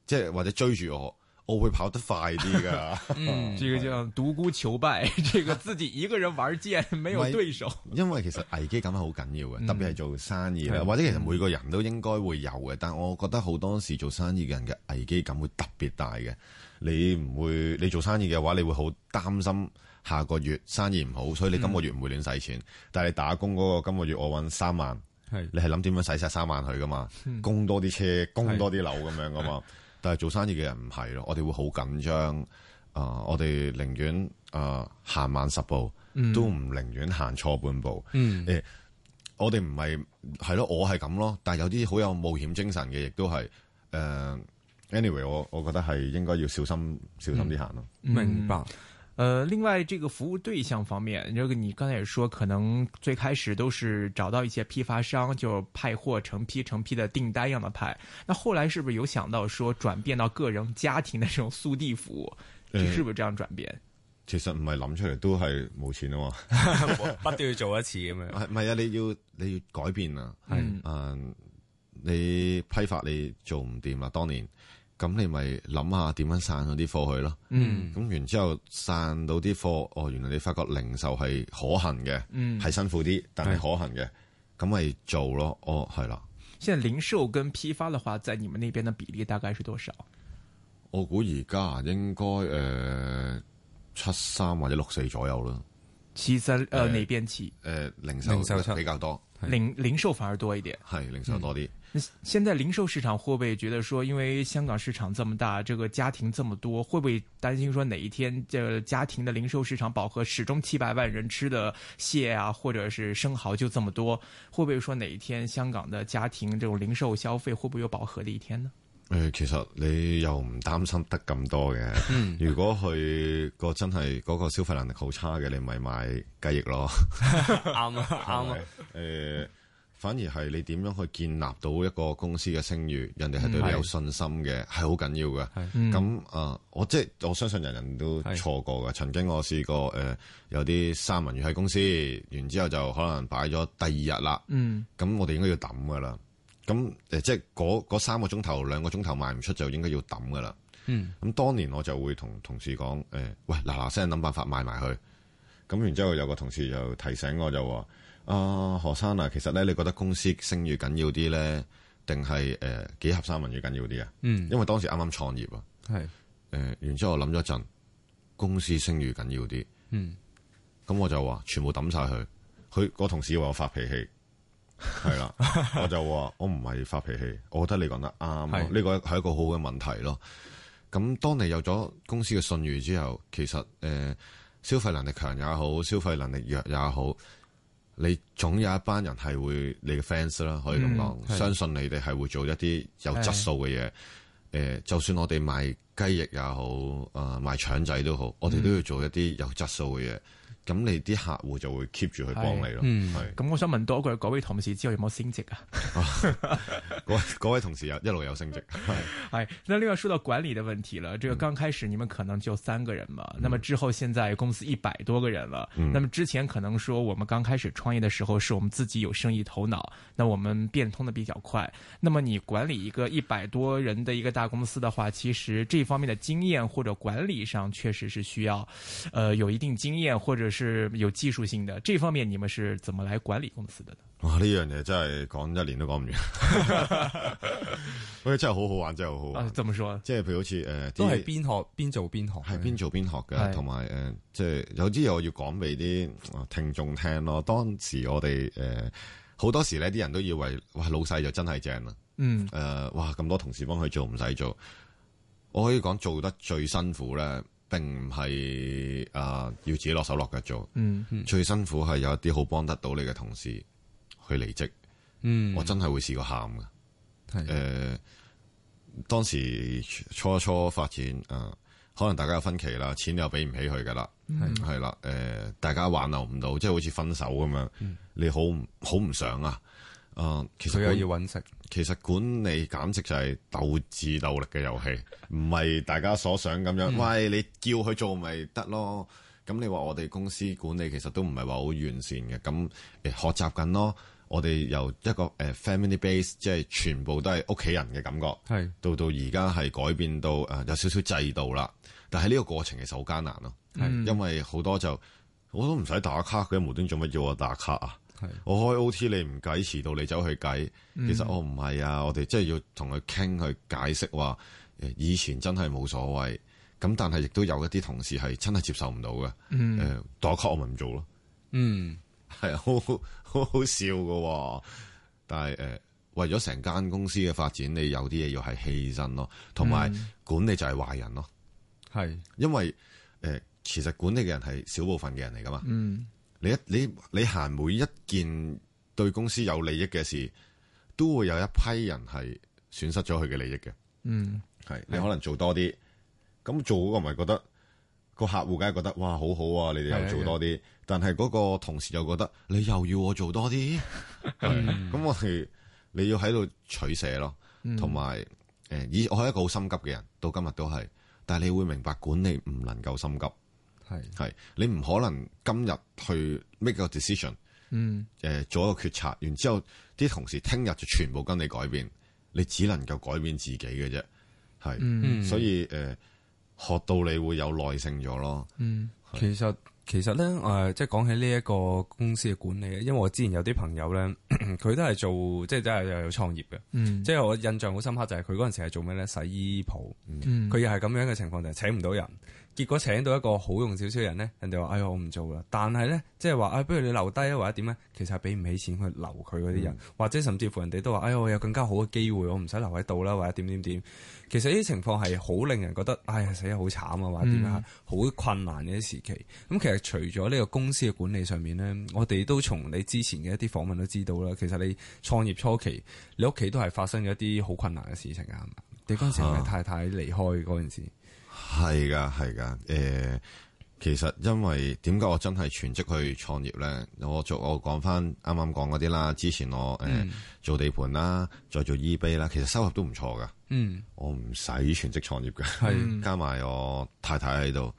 即係或者追住我，我會跑得快啲噶。 (laughs) 嗯，
這個叫獨孤求敗，這個自己一個人玩劍
沒有對手。 (laughs) 因為其實危機感係好緊要嘅，特別係做生意啦，嗯、或者其實每個人都應該會有嘅。但係我覺得好多時做生意嘅人嘅危機感會特別大嘅。你唔會，你做生意嘅話，你會好擔心下個月生意唔好，所以你今個月唔會亂使錢。嗯、但係你打工嗰個今個月我搵三萬。你係諗點樣使晒三萬去噶嘛？嗯、供多啲車，供多啲樓咁樣噶嘛？但係做生意嘅人唔係咯，我哋會好緊張。啊、呃，我哋寧願啊行慢十步，都唔寧願行錯半步。誒、嗯欸，我哋唔係係咯，我係咁咯。但係有啲好有冒險精神嘅，亦都係誒。Anyway，我我覺得係應該要小心，小心啲行咯。
明白。呃、另外這個服務對象方面，這、就、個、是、你剛才也說，可能最開始都是找到一些批發商，就派貨成批成批，批的訂單樣嘅派。那後來是不是有想到說轉變到個人家庭的這種速遞
服務？係是不是這樣轉變？嗯、其實唔係諗出嚟都係冇錢啊嘛， (laughs)
(laughs) 乜都要做一次咁樣。
唔係啊，你要你要改變啊。係、嗯，嗯，你批發你做唔掂啊，當年。咁你咪諗下點樣散咗啲貨去咯，咁完之後散到啲貨，哦、啊，原來你發覺零售係可行嘅，係、嗯、辛苦啲，但係可行嘅，咁咪、嗯、做咯，哦，係啦。現在
零售跟批發嘅話，在你們呢邊嘅比例大概是多少？
我估而家應該誒、呃、七三或者六四左右啦。其實誒，你邊似？誒、呃，零售比較多，零零售反而多一點，係是零售多啲。
現在零售市場會不會覺得說，因為香港市場這麼大，這個家庭這麼多，會不會擔心說哪一天這家庭的零售市場飽和？始終七百萬人吃的蟹啊，或者是生蠔就這麼多，會不會說哪一天香港的家庭這種零售消費會不會有飽和的一天呢？誒，
其實你又唔擔心得咁多嘅，如果佢個真係嗰個消費能力好差嘅，你咪買雞翼咯。
啱啊，啱啊，
誒。反而係你點樣去建立到一個公司嘅聲譽，人哋係對你有信心嘅，係好緊要嘅。咁啊，我即係我相信人人都錯過嘅。曾經我試過誒有啲三文魚喺公司，然之後就可能擺咗第二日啦。咁我哋應該要抌㗎啦。咁誒即係嗰三個鐘頭、兩個鐘頭賣唔出就應該要抌㗎啦。咁當年我就會同同事講誒，喂嗱嗱聲諗辦法賣埋去。咁然之後有個同事就提醒我就話。阿、啊、何生啊，其實咧，你覺得公司聲譽緊要啲咧，定係誒幾合三文魚緊要啲啊？嗯，因為當時啱啱創業啊。
係
誒是、呃，然之後我諗咗一陣，公司聲譽緊要啲。嗯，咁我就話全部抌晒佢。佢個同事話我發脾氣，係啦， (laughs) 我就話我唔係發脾氣，我覺得你講得啱，呢個係一個好嘅問題咯。咁當你有咗公司嘅信譽之後，其實誒、呃、消費能力強也好，消費能力弱也好。你總有一班人係會你嘅 fans 啦，可以咁講，嗯、相信你哋係會做一啲有質素嘅嘢。誒是、呃，就算我哋賣雞翼也好，誒、呃，賣腸仔都好，我哋都要做一啲有質素嘅嘢。嗯。咁你啲客戶就會 keep 住去幫你咯。係咁、
哎，是嗯、我想問多個，各位同事之後有冇升職啊？
各 (laughs) (laughs) 位同事有，一路有升職。
哎，那另外說到管理的問題了，這個剛開始你們可能就三個人嘛，嗯、那麼之後現在公司一百多個人了，嗯、那麼之前可能說我們剛開始創業的時候是我們自己有生意頭腦，那我們變通得比較快。那麼你管理一個一百多人的一個大公司的話，其實這方面的經驗或者管理上確實是需要，呃，有一定經驗或者。是有技術性的，這
方面你們是怎麼來管理公司的呢？呢樣嘢真係講一年都講唔完，喂， (laughs) (laughs) 真係好好玩，真係好好玩。啊，怎麼說？即係譬如好似誒，呃、都係邊學邊做邊學，係邊做邊學嘅，同埋誒，即、呃、係、就是、有啲嘢我要講俾啲、呃、聽眾聽咯。當時我哋誒，好多時呢啲人都以為哇，老細就真係正啦，嗯，誒、呃，哇，咁多同事幫佢做唔使做，我可以講做得最辛苦咧。並唔係誒，要自己落手落腳做，嗯嗯、最辛苦係有一啲好幫得到你嘅同事去離職，嗯、我真係會試過喊嘅。誒的、呃，當時初初發展，誒、呃，可能大家有分歧啦，錢又俾唔起佢噶啦，係啦的，誒、嗯呃，大家挽留唔到，即係好似分手咁樣，嗯、你好好唔想啊，誒、呃，其實又要搵食。其實管理簡直就係鬥智鬥力嘅遊戲，唔係大家所想咁樣。嗯、喂，你叫佢做咪得咯？咁你話我哋公司管理其實都唔係話好完善嘅，咁、欸、學習緊咯。我哋由一個誒、呃、family base，即係全部都係屋企人嘅感覺，係是到到而家係改變到誒、呃、有少少制度啦。但係呢個過程其實好艱難咯，是嗯、因為好多就我都唔使打卡，佢無端做乜要我打卡啊？是我開 O.T. 你唔計遲到，你走去計。其實我唔係啊，我哋即係要同佢傾，去解釋話，誒，以前真係冇所謂。咁但係亦都有一啲同事係真係接受唔到
嘅。誒，
代我咪唔做咯。
嗯，
係啊，好好好笑噶。但係誒、呃，為咗成間公司嘅發展，你有啲嘢要係犧牲咯。同埋管理就係壞人咯。係、嗯，因為誒、呃，其實管理嘅人係少部分嘅人嚟噶嘛。嗯。嗯你一你你行每一件對公司有利益嘅事，都會有一批人係損失咗佢嘅利益嘅。嗯，係你可能做多啲，咁、嗯、做嗰個咪覺得個客戶梗係覺得哇好好啊！你哋又做多啲，的但係嗰個同事又覺得你又要我做多啲，咁、嗯、我哋你要喺度取捨咯，同埋誒，以、呃、我係一個好心急嘅人，到今日都係，但係你會明白管理唔能夠心急。係係，你唔可能今日去 make 個 decision，嗯，誒、呃，做一個決策，然之後啲同事聽日就全部跟你改變，你只能夠改變自己嘅啫，係，嗯、所以誒、呃，學到
你會有耐性咗咯。嗯是其，其實其實咧，誒、呃，即係講起呢一個公司嘅管理，因為我之前有啲朋友咧，佢都係做，即係真係又有創業嘅，嗯、即係我印象好深刻就係佢嗰陣時係做咩咧？洗衣鋪，佢、嗯嗯、又係咁樣嘅情況，就係請唔到人。結果請到一個好用少少人呢，人哋話：哎呀，我唔做啦！但係呢，即係話：不如你留低啊，或者點呢？其實係俾唔起錢去留佢嗰啲人，嗯、或者甚至乎人哋都話：哎呀，我有更加好嘅機會，我唔使留喺度啦，或者點點點。其實呢啲情況係好令人覺得：哎呀，死得好慘啊，或者點啊，好、嗯、困難嘅時期。咁其實除咗呢個公司嘅管理上面呢，我哋都從你之前嘅一啲訪問都知道啦。其實你創業初期，你屋企都係發生咗一啲好困難嘅事情㗎，係嘛？你嗰時係太太離開嗰陣時？啊係
噶，係噶，誒、呃，其實因為點解我真係全職去創業咧？我做我講翻啱啱講嗰啲啦，之前我誒、嗯呃、做地盤啦，再做 eBay 啦，其實收入都唔錯噶。
嗯，
我唔使全職創業嘅，係的加埋我太太喺度，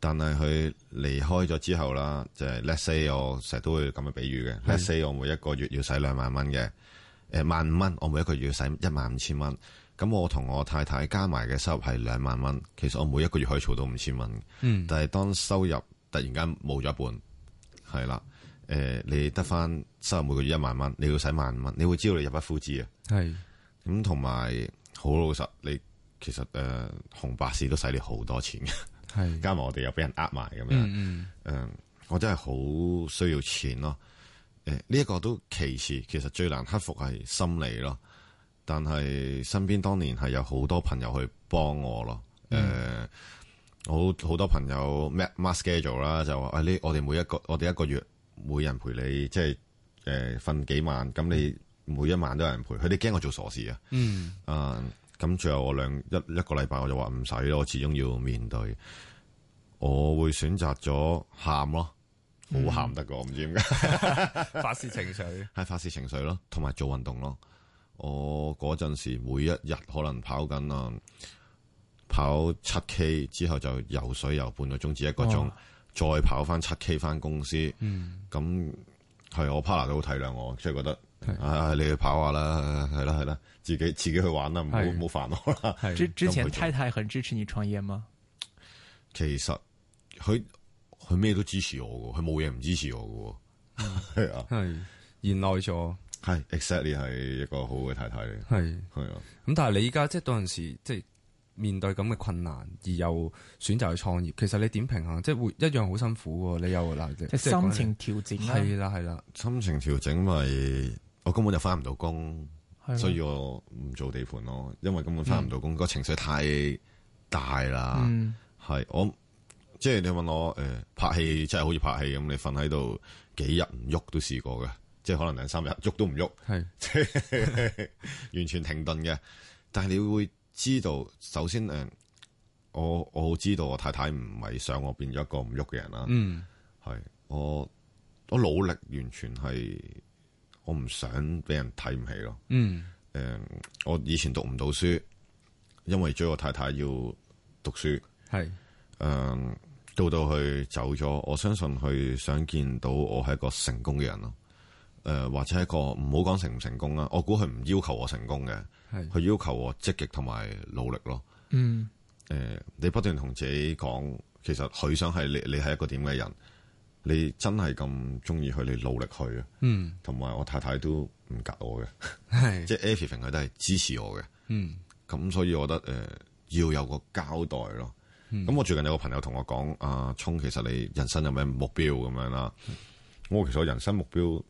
但係佢離開咗之後啦，就係、是、let’s say 我成日都會咁樣比喻嘅的，let’s say 我每一個月要使兩萬蚊嘅，誒萬五蚊，我每一個月要使一萬五千蚊。咁我同我太太加埋嘅收入係兩萬蚊，其實我每一個月可以儲到五千蚊。嗯，但係當收入突然間冇咗一半，係啦，誒、呃，你得翻收入每個月一萬蚊，你要使萬蚊，你會知道你入不敷支啊。係是，咁同埋好老實，你其實誒、呃、紅白事都使你好多錢嘅，係，加埋我哋又俾人呃埋咁樣，嗯嗯、呃，我真係好需要錢咯。誒、呃，呢、這、一個都其次，其實最難克服係心理咯。但係身邊當年係有好多朋友去幫我咯，誒、嗯呃，好好多朋友 make my schedule 啦，就話誒，我哋每一個我哋一個月每人陪你，即係誒，瞓、呃、幾晚，咁你每一晚都有人陪，佢哋驚我做傻事啊、嗯呃、嗯、啊，咁最後我兩一一個禮拜我就話唔使咯，我始終要面對，我會選擇咗喊咯，冇喊得噶，我唔、嗯、知點解，
(laughs) (laughs) 發泄情緒，
係發泄情緒咯，同埋做運動咯。我嗰陣時每一日可能跑緊啊，跑七 K 之後就游水游半個鐘至一個鐘，Oh. 再跑翻七 K 翻公司。咁係、嗯嗯、我 partner 都好體諒我，即係覺得啊，你去跑下啦，係啦係啦，自己自己去玩啦，唔好唔好煩我啦。之前太
太很支持你創業嗎？
其實佢佢咩都支持我噶，佢冇嘢唔支持我噶，
係啊， (laughs) (laughs) 係延耐咗。 (noise) 係，exactly 係一個好嘅太太嚟。係係啊，咁吧但係你依家即係到陣時，即係面對咁嘅困難，而又選擇去創業，其實你點平衡？即係會，即會一樣好辛苦喎。你又嗱，即係心情調整。係啦係啦，
心情調整咪我根本就翻唔到工，
嗎所以我
唔做地盤咯。因為根本翻唔到工，個、嗯、情緒太大啦。係、嗯、我即係你問我誒、欸、拍戲，即係好似拍戲咁，你瞓喺度幾日唔喐都試過嘅。即係可能兩三日喐都唔喐，係即是 (laughs) 完全停頓嘅。但係你會知道，首先誒，我我知道我太太唔係想我變咗一個唔喐嘅人啦。嗯，係我我努力，完全係我唔想俾人睇唔起咯。嗯，誒、嗯，我以前讀唔到書，因為追我太太要讀書。係誒是、嗯，到到佢走咗，我相信佢想見到我係一個成功嘅人咯。誒，或者一個唔好講成唔成功啦，我估佢唔要求我成功嘅，係佢要求我積極同埋努力咯。嗯，誒，你不斷同自己講，其實佢想係你，你係一個點嘅人，你真係咁中意去，你努力去。嗯，同埋我太太都唔夾我嘅，係即係 everything 佢都係支持我嘅。嗯，咁所以我覺得誒，要有個交代咯。咁我最近有個朋友同我講，阿聰其實你人生有咩目標咁樣啦？我其實我人生目標。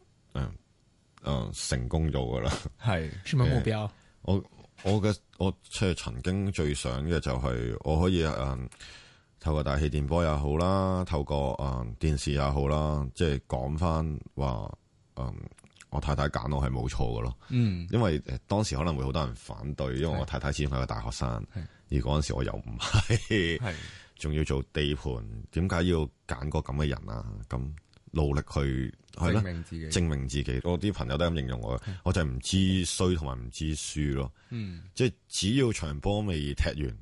誒、嗯，成功咗噶啦，
係咪目標？嗯、
我我嘅我即係曾經最想嘅就係、是、我可以誒、嗯，透過大氣電波又好啦，透過誒、嗯、電視又好啦，即係講翻話，誒、嗯、我太太揀我係冇錯噶咯，嗯，因為當時可能會好多人反對，因為我太太始終係個大學生，的而嗰陣時我又唔係，係仲的要做地盤，點解要揀個咁嘅人啊？咁努力去。係啦，證明，證明自己，我啲朋友都係咁形容我，嗯、我就係唔知衰同埋唔知輸咯。嗯，即係只要場波未踢完，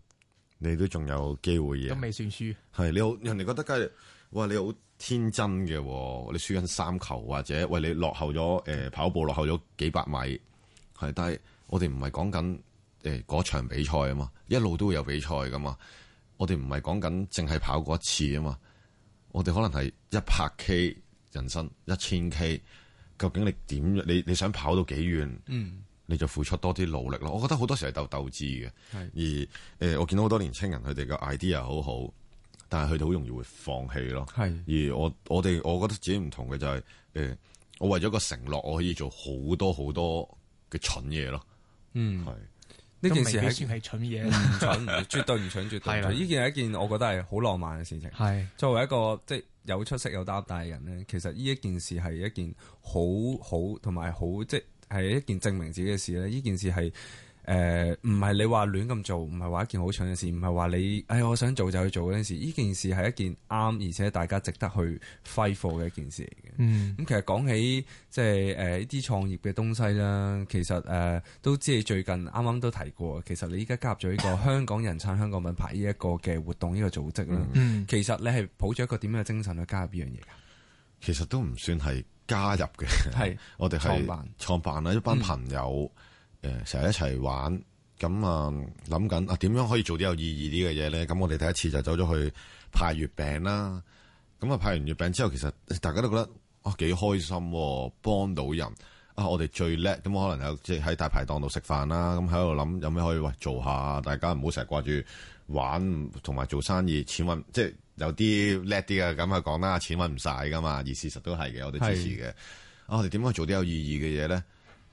你都仲有機會嘅。咁未算輸。係你好，人哋覺得梗、就、係、是，哇你好天真嘅、喔，你輸緊三球或者喂你落後咗誒、呃、跑步落後咗幾百米，係但係我哋唔係講緊誒嗰場比賽啊嘛，一路都會有比賽噶嘛，我哋唔係講緊淨係跑過一次啊嘛，我哋可能係一拍 K。人生一千 K，究竟你點？你你想跑到幾遠？嗯，你就付出多啲努力咯。我覺得好多時係鬥鬥志嘅，而誒，我見到好多年青人，佢哋嘅 idea 好好，但係佢哋好容易會放棄咯。係，而我我哋，我覺得自己唔同嘅就係，誒，我為咗個承諾，我可以做好多好多嘅蠢嘢咯。嗯，
係呢件事係算係蠢嘢，絕對唔蠢，絕對係。呢件係一件我覺得係好浪漫嘅事情。係作為一個即係。有出息有擔當嘅人咧，其實呢一件事係一件好好同埋好即係一件證明自己嘅事咧。呢件事係。誒，唔係、呃、你話亂咁做，唔係話一件好蠢嘅事，唔係話你，哎，我想做就去做嗰件事。呢件事係一件啱，而且大家值得去揮霍嘅一件事嚟嘅。嗯，咁其實講起即係誒呢啲創業嘅東西啦，其實誒、呃、都知你最近啱啱都提過，其實你依家加入咗呢個香港人撐香港品牌呢一個嘅活動呢個組織啦。嗯、其實你係抱咗一個點樣嘅精神去加入呢樣嘢？其實都唔算係
加入嘅，係是 (laughs) 我哋係創辦創、嗯、辦啦一班朋友、嗯。誒，成日一齊玩咁、嗯、啊，諗緊啊，點樣可以做啲有意義啲嘅嘢咧？咁我哋第一次就走咗去派月餅啦。咁、嗯、啊，派完月餅之後，其實大家都覺得啊，幾開心、啊，幫到人啊。我哋最叻，咁、嗯、可能有即係喺大排檔度食飯啦。咁喺度諗有咩可以喂做下，大家唔好成日掛住玩同埋做生意，錢搵即係有啲叻啲嘅咁啊，講啦，錢搵唔晒噶嘛，而事實都係嘅，我哋支持嘅。的啊，我哋點樣做啲有意義嘅嘢咧？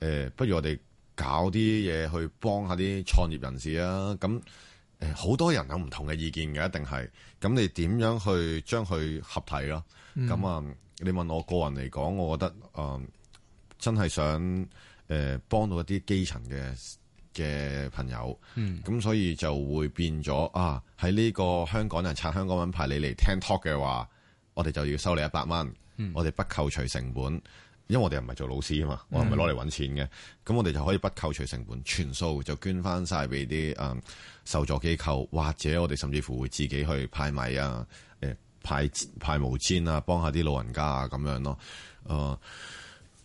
誒，不如我哋。搞啲嘢去幫下啲創業人士啊！咁誒，好、呃、多人有唔同嘅意見嘅，一定係。咁你點樣去將佢合體咯？咁啊、嗯，你問我個人嚟講，我覺得誒、呃，真係想誒幫、呃、到一啲基層嘅嘅朋友。咁、嗯、所以就會變咗啊！喺呢個香港人撐香港品牌，你嚟聽 talk 嘅話，我哋就要收你一百蚊。嗯、我哋不扣除成本。因為我哋又唔係做老師啊嘛，mm hmm. 我又唔係攞嚟揾錢嘅。咁我哋就可以不扣除成本，全數就捐翻晒俾啲誒受助機構，或者我哋甚至乎會自己去派米啊、誒、呃、派派毛氈啊，幫下啲老人家啊咁樣咯。誒、呃，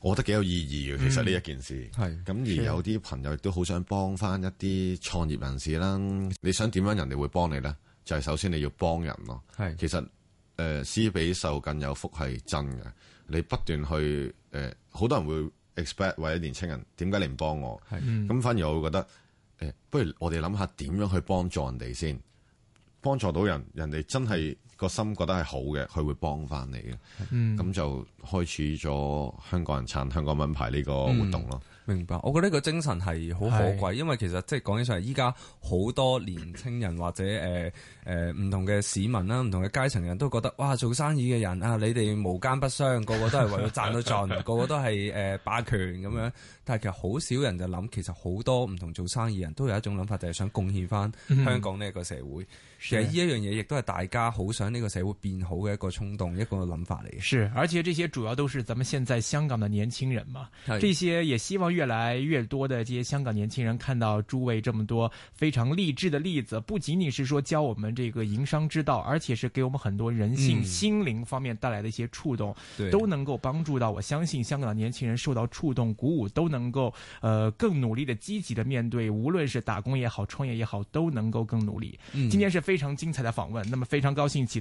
我覺得幾有意義嘅，其實呢一件事。係。咁而有啲朋友亦都好想幫翻一啲創業人士啦。你想點樣人哋會幫你咧？就係、是、首先你要幫人咯。係、mm。Hmm. 其實誒施、呃、比受更有福係真嘅，你不斷去。誒，好多人會 expect 或者年青人，點解你唔幫我？係咁是反而我會覺得，誒，不如我哋諗下點樣去幫助人哋先，幫助到人，人哋真係。個心覺得係好嘅，佢會幫翻你嘅，咁、嗯、就開始咗
香港人撐香港品牌呢個活動咯、嗯。明白，我覺得呢個精神係好可貴，是因為其實即係講起上嚟，依家好多年青人或者誒誒唔同嘅市民啦，唔同嘅階層人都覺得哇，做生意嘅人啊，你哋無奸不商，個個都係為咗賺到賺， (laughs) 個個都係誒、呃、霸權咁樣。但係其實好少人就諗，其實好多唔同做生意人都有一種諗法，就係、是、想貢獻翻香港呢個社會。嗯、其實呢一樣嘢，亦都係大家好想呢個社會變好嘅一個衝動，一個諗法嚟嘅。是，而且這些主要都是咱
們現在香港的年輕人嘛。係，這些也希望越來越多的這些香港年輕人看到諸位這麼多非常勵志的例子，不僅僅是說教我們這個營商之道，而且是給我們很多人性、心靈方面帶來的一些觸動，對，都能夠幫助到。我相信香港的年輕人受到觸動、鼓舞，都能夠，呃，更努力的、積極的面對，無論是打工也好、創業也好，都能夠更努力。嗯，今天是非常精彩的訪問，那麼非常高興，請。